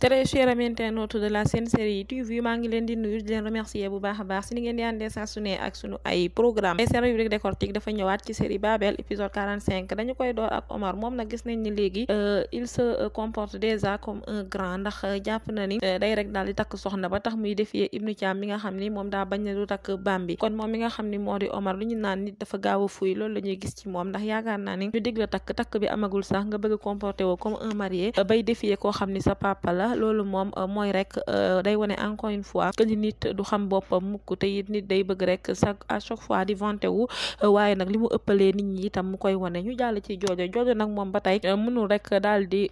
très cher internaute de la Sen Série TV maa ngi leen di nuyu di leen remercier bu baax a baax si ni ngeen di àndee saa sunu ay programme mais seen rubrique décortique dafa ñëwaat ci série Babel épisode 45 dañu koy door ak Omar moom na gis nañ ni léegi euh, il se euh, comporte déjà comme un grand ndax euh, jàpp na ni day rek daal di takk soxna ba tax muy défier Ibnu Thiam mi xam ni moom daa bañ na du takk bam bi kon moom mi nga xam ni moo di Omar lu ñu naan nit dafa gaaw a fuy loolu la ñuy gis ci moom ndax yaakaar naa ni ñu dig la takk takk bi amagul sax nga bëgg comporté woo comme un marié bay défier koo xam ni papa la loolu moom euh, mooy rek euh, day wane encore une fois que ni nit du xam boppam mukk te nit day bëgg rek chaque à fois di vanté wu euh, waaye nag li mu ëppalee nit ñi itam mu koy wane ñu jàll ci joojo joojo nag moom ba tey mënul rek daal di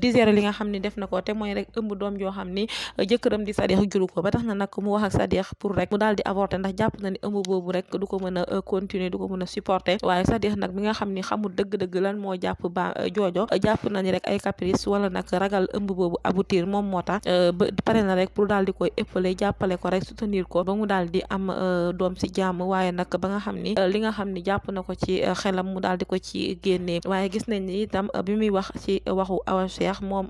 digérer li nga xam ni def na ko te mooy rek ëmb doom joo xam ni jëkkëram di Sadikh juru ko ba tax na nag mu wax ak Sadikh pour rek mu daal di avorter ndax jàpp na ni ëmb boobu rek du ko mën a continuer du ko mën a supporter waaye Sadikh nag mi nga xam ni xamul dëgg-dëgg lan moo jàpp ba joojo jàpp na rek ay caprice wala nag ragal réussir moom moo tax euh, ba na rek pour daal di koy ëppale jàppale ko rek soutenir ko ba mu daal di am euh, doom si jàmm waaye nag ba nga xam ni euh, li nga xam ni jàpp na ko ci xelam mu daal di ko ci génnee waaye gis nañ ni itam bi muy wax ci waxu Awa Cheikh moom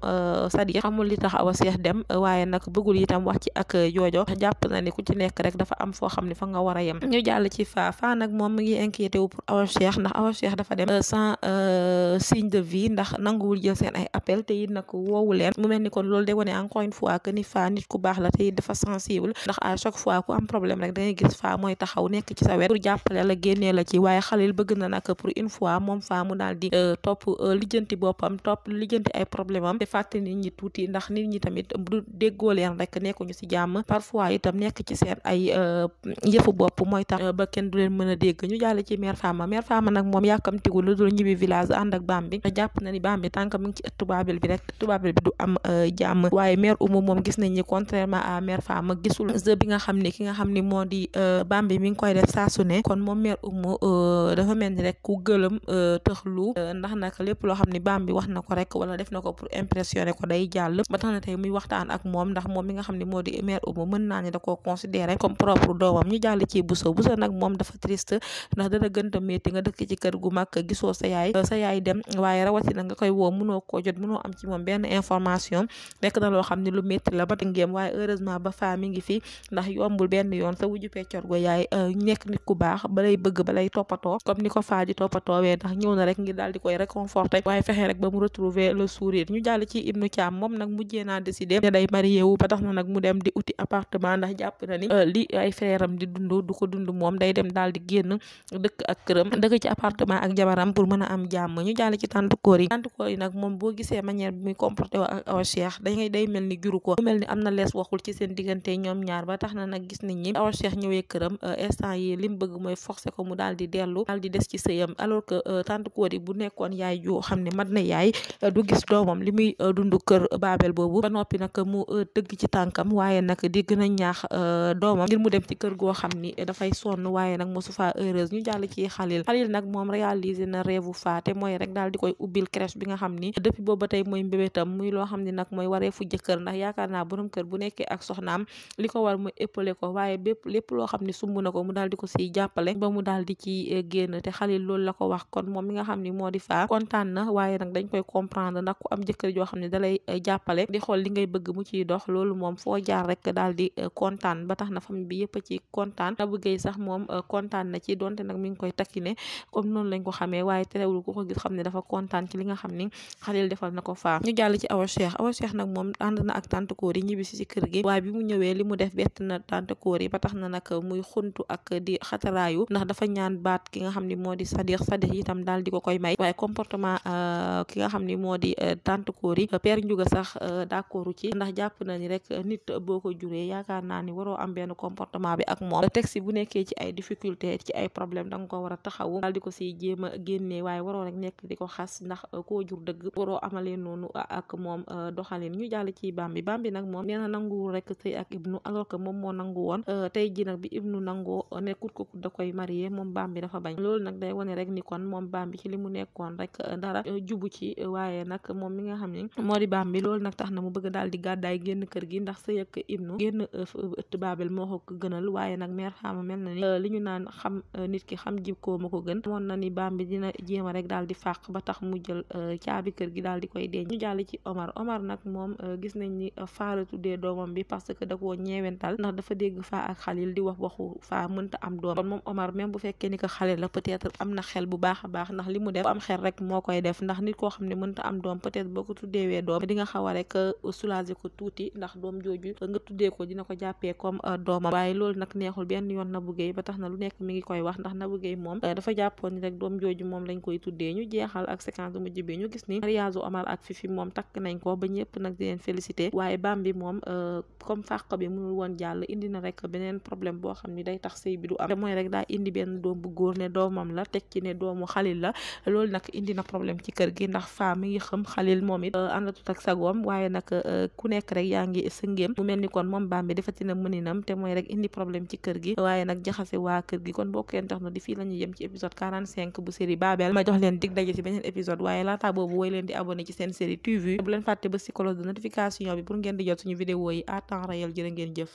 Sadiq xamul li tax Awa Cheikh dem waaye nag bëggul itam wax ci ak joojo jàpp na ni ku ci nekk rek dafa am foo xam ne fa nga war a yem ñu jàll ci faa faa nag moom mi ngi inquiété wu pour Awa Cheikh ndax Awa Cheikh dafa dem sans signe de vie loolu day wane encore une fois que ni faa nit ku baax la te dafa sensible ndax à chaque fois ku am problème rek da ngay gis faa mooy taxaw nekk ci sa pour jàppale na nag pour une fois moom faa mu daal di euh, topp euh, lijjanti boppam topp lijjanti ay problème am te fàtte nit ñi tuuti ndax nit ñi tamit du déggoo leen rek nekkuñu si jàmm parfois itam nekk ci seen ay euh, yëfu bopp mooy tax ba kenn du leen mën a dégg ñu jàll ci mère Fama mère Fama nag moom yàkkamtigul lu dul ñibbi village ànd ak baam bi jàpp na bi mu ngi ci ëttu bi rek jàmm waaye maire umu moom gis contrairement à maire femme gisul jeu xam ni ki xam ni moo di euh, bambi mi ngi koy def saa su ne kon moom maire umu euh, dafa mel ni rek ku euh, loo xam ni bambi wax na ko rek wala def na ko pour impressionner ko day jàll ba tax na tey muy waxtaan ak moom ndax moom mi nga xam ni moo di maire umu mën naa ni da koo considéré comme propre doomam ñu jàll ci buso buso nag moom dafa triste ndax dana gën a dëkk ci kër gu mag gisoo sa yaay sa yaay dem waaye rawatina nga koy woo koo jot mënoo am ci moom benn information nekk na loo xam ne lu métti la ba ngeem waaye heureusement ba faa mi ngi fi ndax yombul benn yoon sa wuju peccor go yaay euh, nekk nit ku baax balay bëgg balay toppatoo comme ni ko faa di toppatoowee ndax ñëw na rek ngi daal di koy réconforter waaye fexe rek ba mu retrouver le sourire ñu jàll ci Ibnu Thiam moom nag mujjee na décidé ne day marié wu ba tax na nag mu dem di uti appartement ndax jàpp na ni euh, li ay frère di dund du ko dund moom day dem daal di génn dëkk ak këram dëkk ci appartement ak jabaram pour mën a am jàmm ñu jàll ci tàntukóor yi tàntukóor yi nag moom boo gisee manière bi muy comporté ak Cheikh dangay day mel ni juru ko am na lees waxul ci seen diggante ñoom ñaar ba tax na nag gis nañ ni Awa Cheikh ñëwee këram euh, instant yi li bëgg mooy forcé ko mu daal di dellu daal di des ci sëyam alors que euh, tante Cody bu nekkoon yaay joo xam ne mat na yaay euh, du gis doomam li muy dund kër baabel boobu ba noppi nag mu dëgg ci tànkam waaye nag di gën a ñaax doomam ngir mu dem ci kër goo xam ni dafay sonn waaye nag mosu faa heureuse ñu jàll ci xalil xalil nag moom réalisé na rêve faate mooy rek daal di koy ubbil crèche bi nga xam ni depuis boobu ba tey mooy mbébétam muy loo wareefu jëkkër ndax yaakaar naa borom kër bu nekkee ak soxnaam li ko war mooy éppale ko waaye lépp loo xam ne sumb na ko mu daal di ko siy jàppale ba mu daal di ci eh, génn ko wax kon mi nga xam ni moo di faa kontaan na waaye nag dañ koy comprendre ndax ku am jëkkër joo xam ne dalay eh, jàppale di xool li ngay bëgg mu ciy dox loolu moom foo jaar rek daal di eh, kontaan ba tax na famille bi yëpp ci kontaan Nabou Guèye sax moom kontaan na ci donte nag mi ngi koy takkine comme noonu lañ ko xamee waaye terewul ku ko gis xam ne dafa kontaan ci li nga xam ni xalil defal na ko faa ñu jàll ci awa cheikh nag moom ànd na ak tante Kory ñibbisi ci kër gi waaye bi mu ñëwee li mu def bett na tante Kory ba tax na nag muy xuntu ak di xataraayu ndax dafa ñaan baat ki nga xam ni moo di Sadikh Sadikh itam daal di ko koy may waaye comportement euh, ki nga xam ni moo di euh, tante Kory euh, père sax d'accordu ci ndax jàpp na ni rek nit boo ko juree yaakaar naa waroo am comportement bi ak moom texte bu nekkee ci ay difficulté ci ay problème da ko war a taxawu daal di ko siy jéem a génnee waaye waroo rek nekk di ko xas ndax koo jur dëgg waroo amalee noonu leen ñu jàll ci baam bi baam bi nag moom nee na nanguwul rek sëy ak ibnu alors que moom moo nangu woon euh, tey ji nag bi ibnu nangoo euh, nekkut ko da koy marié moom baam bi bi ci li mu nekkoon rek euh, dara jubu ci waaye nag moom mi nga xam ni moo di baam bi loolu nag tax na mu bëgg daal di gàddaay génn kër gi ndax sëy ak ibnu génn ëtt baabel moo ko gënal waaye nag meer xaama mel na ni li ñu naan xam nit ki xam jikkoo ma ko gën moon na ni baam bi dina jéema rek daal di fàq ba tax mu jël caabi kër gi daal di koy denc ñu ci moom euh, gis nañ ni euh, faa la tuddee doomam bi parce que da koo ñeewental ndax dafa dégg fa ak xalil di wax waxu faa mënta am doom kon moom Omar même bu fekkee ni ko xale la peut-être am na xel bu baax a baax ndax li mu def am xel rek moo koy def ndax nit koo xam ne mënta am doom peut-être boo ko tuddeewee doom di nga xaw a rek euh, soulager ko tuuti ndax doom jooju nga tuddee ko dina ko jàppee comme doomam waaye loolu nag neexul benn yoon Nabou Guèye ba tax na lu nekk mi ngi koy wax ndax Nabou Guèye moom dafa jàppoon ni rek doom jooju moom lañ koy tuddee ñu jeexal ak séquence bu mujj bi ñu gis ni mariage Omar ak Fifi moom takk nañ ko ba nag di leen félicité waaye baam bi moom euh, comme fàq bi mënul woon jàll indi na rek beneen problème boo xam ni day tax sëy bi du am te mooy rek daa indi benn doom bu la teg ci ne doomu xalil la loolu nag indi na gi ndax faa mi ngi xam xalil moom it euh, àndatut ak sagoom waaye nag euh, ku nekk rek yaa ngi sëngeem mu mel ni kon moom baam bi defati na mëninam te mooy rek indi kon boo kenn tax na di fii ma jox leen dig daje ci beneen épisode waaye laata boobu woy leen di abonné ci seen série TV bu leen fàtte ba psychologue cloche de notification bi pour ngeen di jot suñu vidéo yi à temps réel jërë ngeen jëf